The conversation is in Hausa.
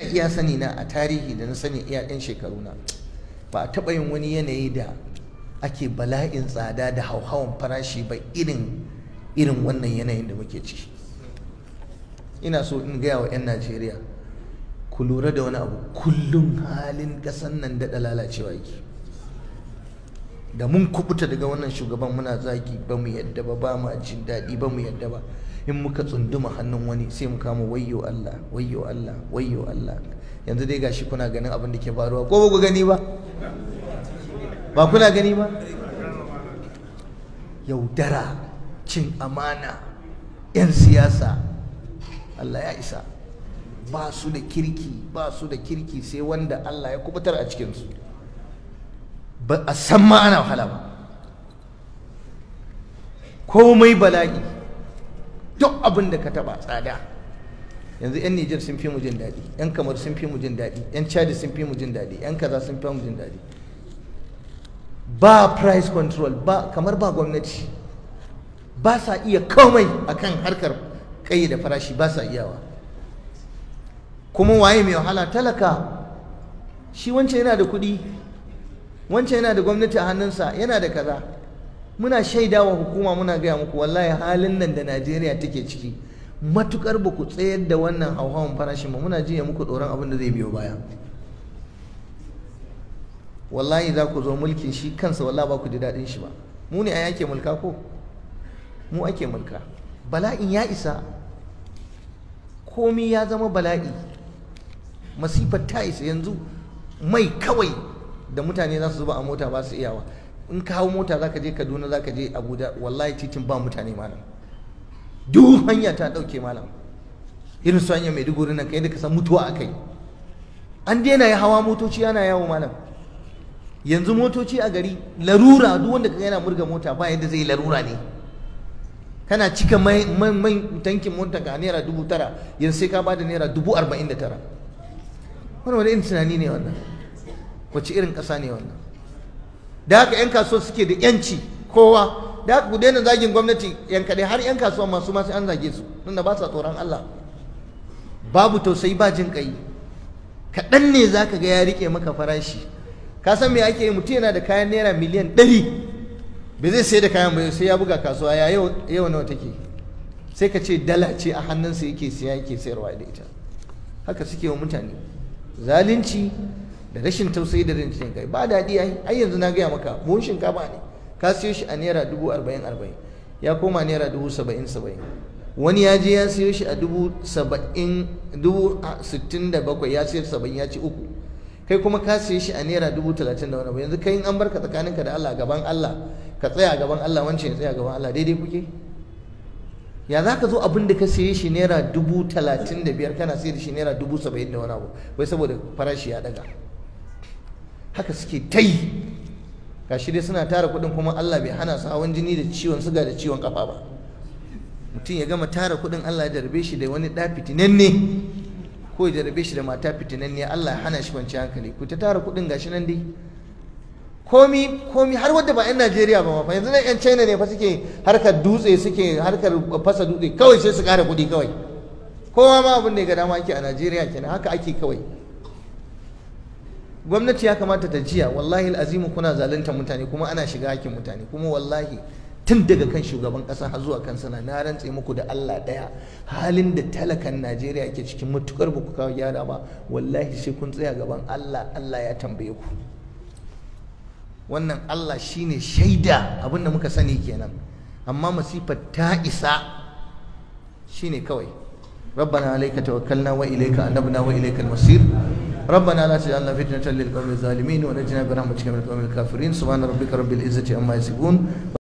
a iya sani na a tarihi da na sani iya ɗan shekaru na ba a taɓa yin wani yanayi da ake bala'in tsada da hauhawan farashi ba irin irin wannan yanayin da muke ci ina so in gaya wa 'yan najeriya ku lura da wani abu kullum halin ƙasan nan daɗa lalacewa yake da mun kubuta daga wannan shugaban muna zagi ba mu yadda ba ba mu jin daɗi ba mu yadda ba in muka tsunduma hannun wani sai mu kama wayyo Allah wayyo Allah wayyo Allah yanzu dai gashi kuna ganin abin da ke faruwa ko ba ku gani ba ba kuna gani ba yaudara cin amana yan siyasa Allah ya isa ba su da kirki ba su da kirki sai wanda Allah ya kubutar a cikinsu ba a san ma ana wahala ba komai bala'i duk abin da ka taba tsada yanzu 'yan Nijar sun fi mu jin daɗi 'yan kamar sun fi mu jin daɗi 'yan cadi sun fi mu jin daɗi 'yan kaza sun fi mu jin daɗi ba price control ba kamar ba gwamnati ba sa iya komai akan harkar kai da farashi ba sa iyawa kuma waye mai wahala talaka shi wancan yana da kuɗi wancan yana da gwamnati a hannunsa yana da kaza muna shaida wa hukuma muna gaya muku wallahi halin nan da najeriya take ciki matukar ba ku tsayar da wannan hauhawan farashin ba muna jiya muku tsoron abin da zai biyo baya wallahi za ku zo mulkin shi kansa wallahi ba ku ji daɗin shi ba mu ne a yake mulka ko mu ake mulka bala'in ya isa komi ya zama bala'i masifar ta isa yanzu mai kawai da mutane za su zuba a mota ba su iyawa in ka hau mota za ka je kaduna za ka je abuja wallahi titin ba mutane malam duk hanya ta ɗauke malam irin su hanyar maiduguri nan kai da ka san mutuwa a kai an daina ya hawa motoci ana yawo malam yanzu motoci a gari larura duk wanda ka yana murga mota ba yadda zai larura ne kana cika mai tankin mota ga naira dubu tara yanzu sai ka bada naira dubu arba'in da tara wani wani tunani ne wannan wace irin ƙasa ne wannan da haka 'yan kasuwa suke da 'yanci kowa da haka ku daina zagin gwamnati 'yan kaɗai har 'yan kasuwa masu masu an zage su nuna ba sa tsoron Allah babu tausayi ba jin ƙai kaɗan ne za ka ga ya riƙe maka farashi ka san me ake yi mutum yana da kayan naira miliyan ɗari ba zai sai da kayan ba sai ya buga kasuwa ya yau nawa take sai ka ce dala ce a hannunsa yake siya yake sayarwa da ita haka suke wa mutane zalunci da rashin tausayi da rinjin kai ba daɗi ai ai yanzu na gaya maka buhun shinkafa ne ka siyo shi a naira dubu arba'in arba'in ya koma naira dubu saba'in saba'in wani ya je ya siyo shi a dubu saba'in dubu sittin da bakwai ya siyo saba'in ya ci uku kai kuma ka siyo shi a naira dubu talatin da wani abu yanzu kai in an barka tsakaninka da Allah gaban Allah ka tsaya gaban Allah wancan ya tsaya gaban Allah daidai kuke ya za ka zo abin da ka siye shi naira dubu talatin da biyar kana siye da shi naira dubu saba'in da wani abu wai saboda farashi ya daga haka suke ta yi ga shi dai suna tara kuɗin kuma Allah bai hana su hawan jini da ciwon suga da ciwon kafa ba mutum ya gama tara kuɗin Allah ya jarabe shi da wani ɗa fitinanne ko ya jarabe shi da mata fitinanne Allah ya hana shi kwanciyar hankali ku ta tara kuɗin gashi nan dai komi komi har wadda ba 'yan Najeriya ba fa yanzu nan 'yan China ne fa suke harkar dutse suke harkar fasa dutse kawai sai su kara kuɗi kawai kowa ma abin da ya ga dama ake a Najeriya kenan haka ake kawai gwamnati ya kamata ta jiya wallahi azimu kuna zalunta mutane kuma ana shiga hakin mutane kuma wallahi tun daga kan shugaban kasa har zuwa kan sana na rantse muku da Allah daya halin da talakan Najeriya ke cikin matukar ba ku kawo gyara ba wallahi sai kun tsaya gaban Allah Allah ya tambaye ku wannan Allah shine shaida abin da muka sani kenan amma masifar ta isa shine kawai ربنا عليك توكلنا وإليك أنبنا وإليك المصير ربنا لا تجعلنا فتنة للقوم الظالمين ونجنا برحمتك من القوم الكافرين سبحان ربك رب العزة عما يصفون